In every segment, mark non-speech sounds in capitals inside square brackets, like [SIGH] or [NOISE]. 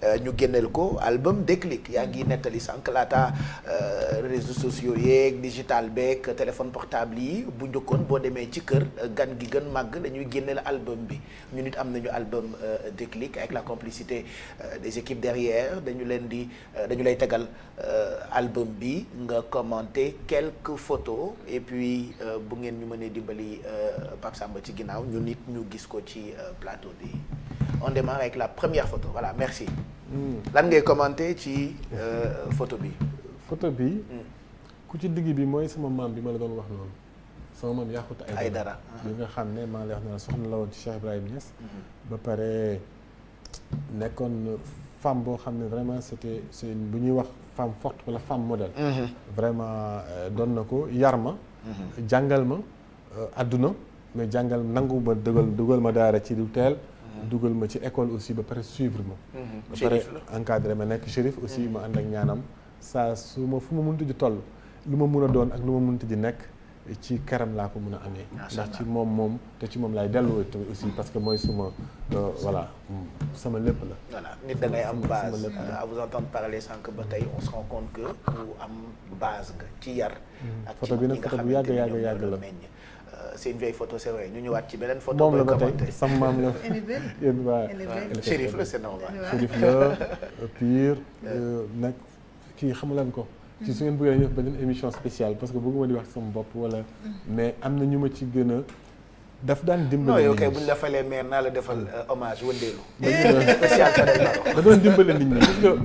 Euh, ñu génneel ko album déclic yaa ngi nettali sànq laata euh, réseaux sociaux yeeg digital beeg téléphone portable yi bu njëkkoon boo demee ci kër euh, gan gi gën màgg dañuy génneel album bi ñu nit am nañu album déclic avec la complicité des équipes derrière dañu leen di dañu lay tegal album bi nga commenter quelques photos et puis bu ngeen ñu mënee dimbali Pape Samba ci ginnaaw ñu nit ñu gis ko ci plateau bi on démarre avec la première photo voilà merci. Hmm. lan ngay commenter ci euh, photo bi. photo bi. Hmm. ku ci digg bi mooy sama maam bi ma la doon wax noonu. sama maam Yaxuta ay dara ah. bi nga xam ne maa lay wax ne soxna la woon ci Cheikh Ibrahima Niass. Hmm. ba pare nekkoon femme boo xam ne vraiment c'était c'est bu ñuy wax femme forte wala femme modèle. vraiment euh, doon na ko yar ma. jàngal ma euh, àdduna mais jàngal nangu ma dëgal dëgal ma daara ci lu teel. dugal ma ci école aussi ba pare suivre ma. Mhm. ba pare encadré ma nekk shérif aussi mhm. ma ànd ak ñaanam saa su ma fu ma mënti di toll lu ma mun a doon ak lu ma mënti di nekk ci karam laa ko mun a amee. ndax ci moom moom te ci moom laay delluwaat tamit aussi parce que mooy suma euh, voilà sama lépp la. voilà nit da ngay am base euh, à vous entendre ba tey on se rend compte nga ci yar. Mhm. ak ci ñi nga xamante ni ñoom c'est une vieille photo c'est ñu ñëwaat ci beneen photo. moom la ba tey sama maam la yéen waa. Chérif la c'est normal. Chérif la pire. Euh, nag kii xamu ko. ci su ngeen bëggee def beneen émission spéciale parce que bëgguma di wax sama bopp wala. Mm-hmm. mais am na ñu ma ci gën daf daan dimbali nit ñi bu ñu la falee maire naa la defal euh, hommage wëndeelu. [LAUGHS] [LAUGHS] spécial da doon dimbali nit ñi parce que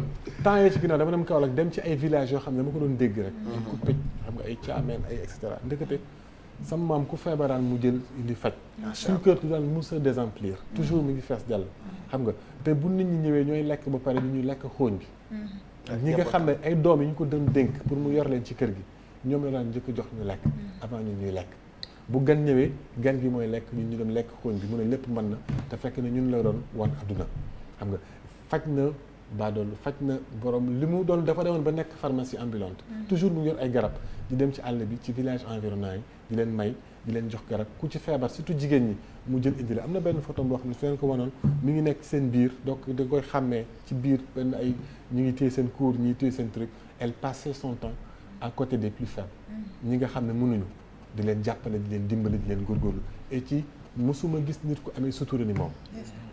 temps yii ci ginnaaw dama dem Kaolack dem ci ay villages yoo xam ne dama ko doon dégg rek. Mm-hmm. ku pëj xam nga ay caameen ay et cetera sama maam ku feebaraan mu jël indi faj suñu kër du daan mos a désemplir mm. toujours mu ngi fees dell xam nga te bu nit ñi ñëwee ñooy lekk ba pare ñu lekk xooñ bi mm-hmm. ñi nga xam ne ay doom yi ñu ko doon dénk pour mu yor leen ci kër gi ñoom la daan njëkk jox ñu lekk mm. avant ñu ñuy lekk bu gan ñëwee gan gi mooy lekk ñun ñu dem lekk xooñ bi mu ne lépp mën na te fekk na ñun la doon wan adduna xam nga faj na baadoolu faj na borom li mu doon dafa demoon ba nekk pharmacie ambulante mm. toujours mu yor ay garab di dem ci àll bi ci village environnant yi di leen may di leen jox garab ku ci feebar surtout jigéen ñi mu jël indile am na benn photo boo xam ne su leen ko wanoon mi ngi nekk seen biir donc da koy xàmmee ci biir benn ay ñu ngi téye seen cours ñu ngi téye seen truc elle passait son temps à côté mm. ñi nga xam ne mënuñu di leen jàppale di leen dimbali di leen góorgóorlu et ci mosuma gis nit ku amee sutura ni moom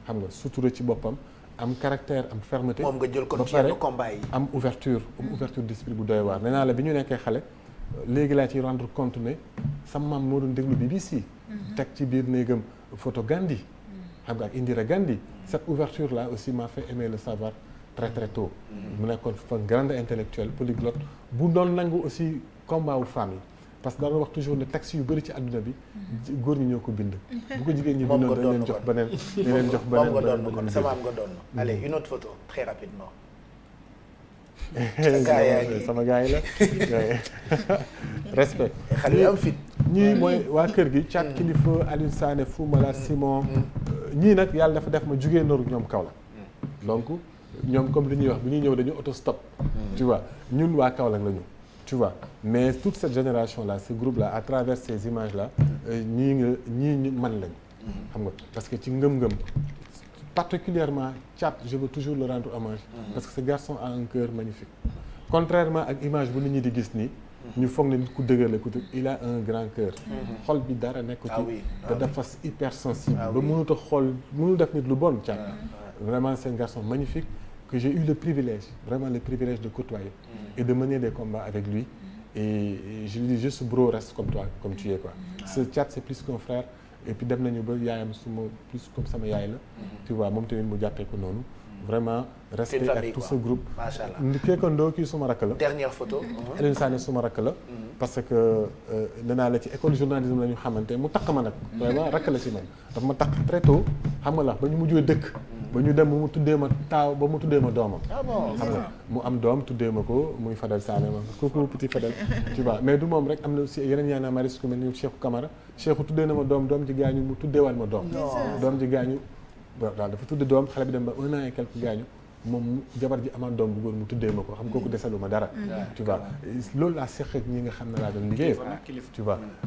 xam nga sutura ci boppam am caractère am fermeté moom nga jël ko ci yenn combat am ouverture am mm. ouverture d'esprit bu doy waar nee naa la bi ñu nekkee xale léegi laa ci rendre compte ne sama moo doon déglu BBC. Mhm. teg ci biir néegam photo Gandhi. Mhm. xam nga ak Indira Gandhi. cette ouverture là aussi m'a fait aimer le savoir très très tôt. Mhm. mu nekkoon fa grande intellectuelle polyglotte bu doon nangu aussi combat wu femme yi parce que daanaka wax toujours ne texte yu bëri ci àdduna bi. góor ñi ñoo ko bind. [LAUGHS] bu ko jigéen ñi bindoon dañ leen jox beneen. [LAUGHS] dañ leen jox beneen beneen beneen beneen beneen beneen beneen beneen beneen beneen beneen sama gars yi la [LAUGHS] respect xale yi am fit ñii mm. mooy waa kër gi Thiat mm. Kilifa Aliou ma Fumala mm. Simon ñii nag yàlla dafa def ma jugee noru ñoom Kaolack donc ñoom comme li ñuy wax bu ñuy ñëw dañu autostop tu vois ñun waa kaw la ñu tu mais toute cette génération là ce groupe là à travers ces images là euh, ñii nga ñii man lañ xam nga parce que ci ngëm-ngëm particulièrement Thiat je veux toujours le rendre hommage. Mm-hmm. parce que ce garçon a un cœur magnifique. contrairement ak image bu nit ñi di gis nii. Mm-hmm. ñu foog ne nit ku dëgër la ku il a un grand cœur. Mm-hmm. xol bi dara nekk ci. Ah ah te dafa hypersensible. Ah ba mënut a xool mënul def nit lu bon Thiat. vraiment c'est un garçon magnifique que j'ai eu le privilège vraiment le privilège de côtoyer. et de mener des combats avec lui. et juste bro reste comme toi comme tu eppi puis dem nañu ba yaayam suma plus comme sama yaay la. Mm-hmm. tu vois moom tamit mu jàppee ko noonu. Mm-hmm. vraiment respect ak tout ce groupe. macha allah ndi Keekandoo kii suma rakk la. dernière photo. Mm-hmm. Alioune Sané suma rakk la. parce que euh, nee naa la ci école journalisme la ñu xamante mu takk ma nag. vraiment rakk la ci man daf ma takk très tôt xam nga la ba ñu mujjee dëkk. ba ñu dem ba mu tuddee ma taaw ba mu tuddee ma doomam. Ah xam nga mu am doom tuddee ma ko muy Fadel Sané ma kooku petit Fadel. tu vois mais du moom rek am na aussi yeneen yaa naa maris ku mel ni Cheikhou Camara Cheikhou tuddee na ma doom doom ji gaañu mu tuddeewaat ma doom. doom ji gaañu. waaw daal dafa tudd doom xale bi dem ba un an et quelques gaañu. moom jabar ji amaan doom bu mu tuddee ma ko xam kooku mm-hmm. desalu ma dara mm-hmm. tu loolu laa seq ak ñi nga xam ne laa doon liggéey tu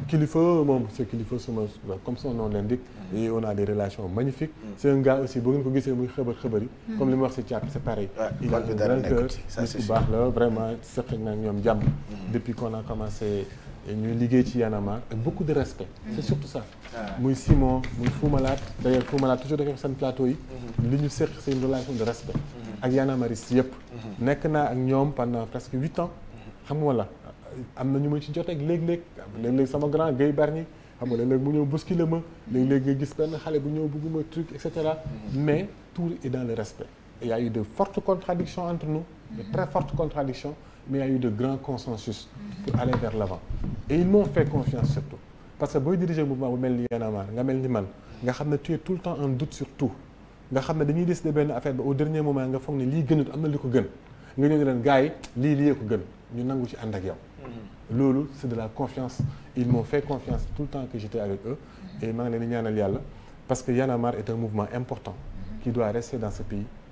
kilifa moom c'est kilifa suma comme son nom l'indique mm-hmm. et on a des relations magnifiques c'est un gars aussi boo ngeen ko gisee muy xëbar xëbar comme li ma wax si caat c'est pareil il a un grand cœur baax la vraiment seq ak ñoom jàmm depuis qu'on a commencé ñu liggéey ci Y'en a marre ak beaucoup de respect mm-hmm. c'est surtout ça muy Simon muy Fou Malade d'ailleurs Fou Malade toujours dafay seen plateau yi mm-hmm. li ñu séq c'est une relation de mm-hmm. ak Y'en a marre yëpp nekk naa ak ñoom pendant presque huit ans xam nga la am na ñu muy ci jotee ak léeg-léeg léeg-léeg sama grand Guèye Bargny xam nga léeg-léeg mu ñëw bousculé ma léeg-léeg nga gis benn xale bu ñëw bëgguma truc et cetera mais tout est dans le respect il y a eu de fortes contradictions entre nous de très fortes mais il y a eu de grands consensus pour aller vers l'avant et ils m'ont fait confiance surtout parce que booy diriger mouvement bu mel ni Y'en nga mel ni man nga xam ne tu es tout le temps en doute sur tout nga xam ne dañuy décider benn affaire ba au dernier moment nga foog ne lii gënut am na li ko gën nga ñëw ne leen gars yi lii lii ko gën ñu nangu ci ànd ak yow. Mm-hmm. loolu c'est de la confiance ils m'ont fait confiance tout le temps que j'étais avec eux et que Y'en a marre est un mouvement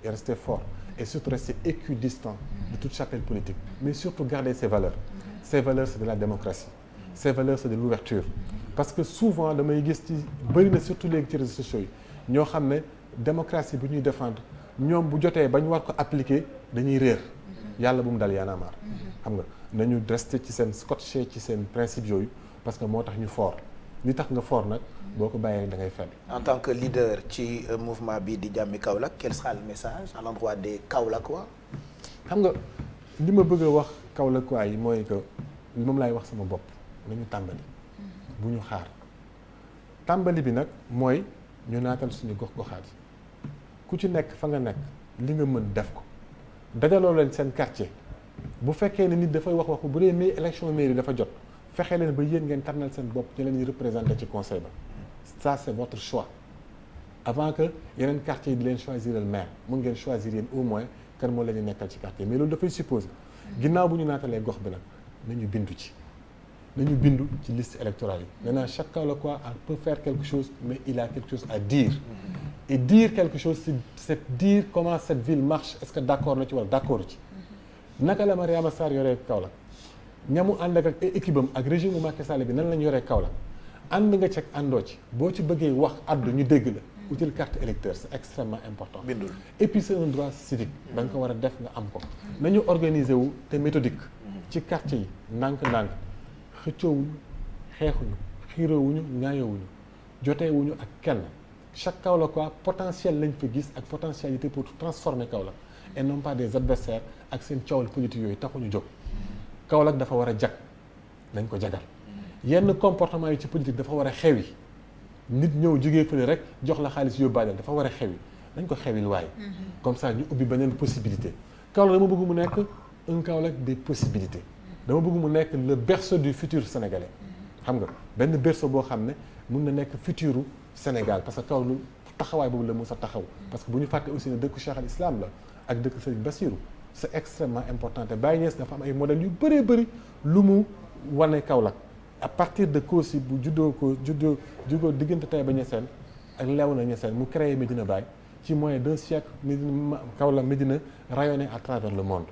et rester fort et surtout rester équidistant de toute chapelle politique mais surtout garder ses valeurs ses valeurs c'est de la démocratie ses valeurs de l'ouverture parce que souvent damay gis ci bëri na surtout léegi ci réseaux sociaux yi ñoo xam ne démocratie bu ñuy défendre ñoom bu jotee ba ñu war ko appliquer dañuy réer yàlla bu mu dal Y'en xam nga nañu rester ci seen scotché ci seen principe yooyu parce que moo tax ñu fort li tax nga foor nag boo ko bàyyee da ngay fenn. en tant que leader ci euh, mouvement bi di jàmmi Kaolack quel sera le message à l'endroit des Kaolackois xam nga li ma bëgg a wax Kaolackois yi mooy que moom laay wax sama bopp nañu tàmbali. Mm-hmm. bu ñu xaar tàmbali bi nag mooy ñu naatal suñu gox-goxaat yi ku ci nekk fa nga nekk li nga mën def ko dajaloo leen seen quartier bu fekkee ne nit dafay wax wax bu dee mais élection mairie dafa jot. fexe leen ba yéen ngeen tànnal seen bopp ñu leen di représenté ci conseil ba ça c' est votre choix avant que yeneen quartier yi di leen choisir maire mun ngeen choisir yéen au moins kan moo la ñu nekkal ci quartier mais loolu dafay supposé ginnaaw bu ñu naatalee gox bi nag nañu bindu ci nañu bindu ci liste électorale yi maintenant chacun le quoi peut faire quelque chose mais il a quelque chose a dire et dire quelque chose c'est dire comment cette ville marche est-ce que d'accord na ci wala d'accord ci naka la Mariama Sarr yoree ñamu ànd ak ak équipe am ak régime Macky Sall bi nan la ñu yoree Kaolack ànd nga ceeg àndoo ci boo ci bëggee wax àddu ñu dégg la util carte électeur c'est extrêmement important bindul et puis c'est un droit civique nga ko war a def nga am ko nañu organiser wu te méthodique ci quartier yi ndànk-ndànk xëccoowuñu xeexuñu xiiroowuñu ŋaayoowuñu joteewuñu ak kenn chaque Kaolack quoi potentiel lañ fa gis ak potentialité pour transformer Kaolack et non pas des adversaires ak seen coowal politique yooyu taxuñu jóg Kaolack dafa war a jag dañ ko jagal yenn comportement yi ci politique dafa war a xewwi nit ñëw jógee fële rek jox la xaalis yóbbaale dafa war a xewi dañ ko xewil waaye. comme ça ñu ubbi beneen possibilité Kaolack dama bëgg mu nekk un Kaolack des possibilités dama bëgg mu nekk le berceau du futur sénégalais xam nga benn berceau boo xam ne mun na nekk futuru Sénégal parce que kaw Kaolack taxawaay boobu la mu a taxaw parce que bu ñu fàtte aussi ne dëkku Cheikh al Islam la ak dëkk Serigne c' est extrêmement important te ngees dafa am ay modèles yu bëree bëri lu mu wane Kaolack à partir de Kossy bu juddoo ko juddoo juddoo diggante Taïba Niassène ak lew Léona Niassène mu créé Medina Baye ci moyen d' un siècle Medina Kaolack Medina rayonné à travers le monde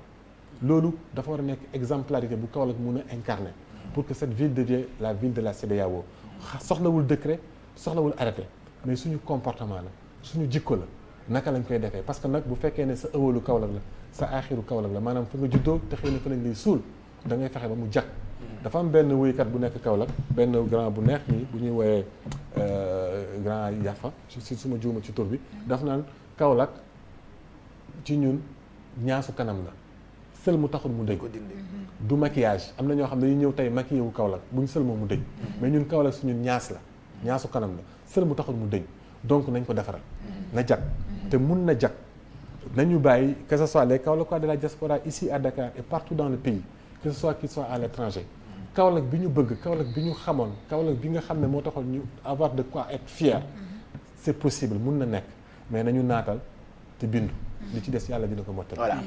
loolu dafa war a nekk exemplarité bu Kaolack mun a incarné pour que cette ville de la ville de la CEDEAO soxlawul décret soxlawul arrêté mais suñu comportement la suñu jikko la naka lañ koy defee parce que nag bu fekkee ne sa ëwalu Kaolack la sa aaxiru Kaolack la maanaam fa nga juddoo te xëy na fa lañ lay suul da ngay fexe ba mu jag dafa am benn wuykat bu nekk Kaolack benn grand bu neex nii bu ñuy woowee euh, grand Yafa si suma juuma ci tur bi daf naan Kaolack ci ñun ñaasu kanam la sël mu taxul mu dëj mm-hmm. du maquillage am na ñoo xam ne dañuy ñëw tey maquillé wu Kaolack bu ñu sël moom mu dëj mm-hmm. mais ñun Kaolack suñu ñaas la ñaasu kanam la sël taxul mu dëj donc nañ ko defaral mm-hmm. na jag te mun na jag nañu bàyyi que ce soit les Kaolackois de la diaspora ici à Dakar et partout dans le pays que ce soit qu'ils soient à l'étranger Kaolack bi ñu bëgg Kaolack bi ñu xamoon Kaolack bi nga xam ne moo taxoon ñu avoir de quoi être fier c'est possible mun na nekk mais nañu naatal te bindu li ci des yàlla dina ko mottal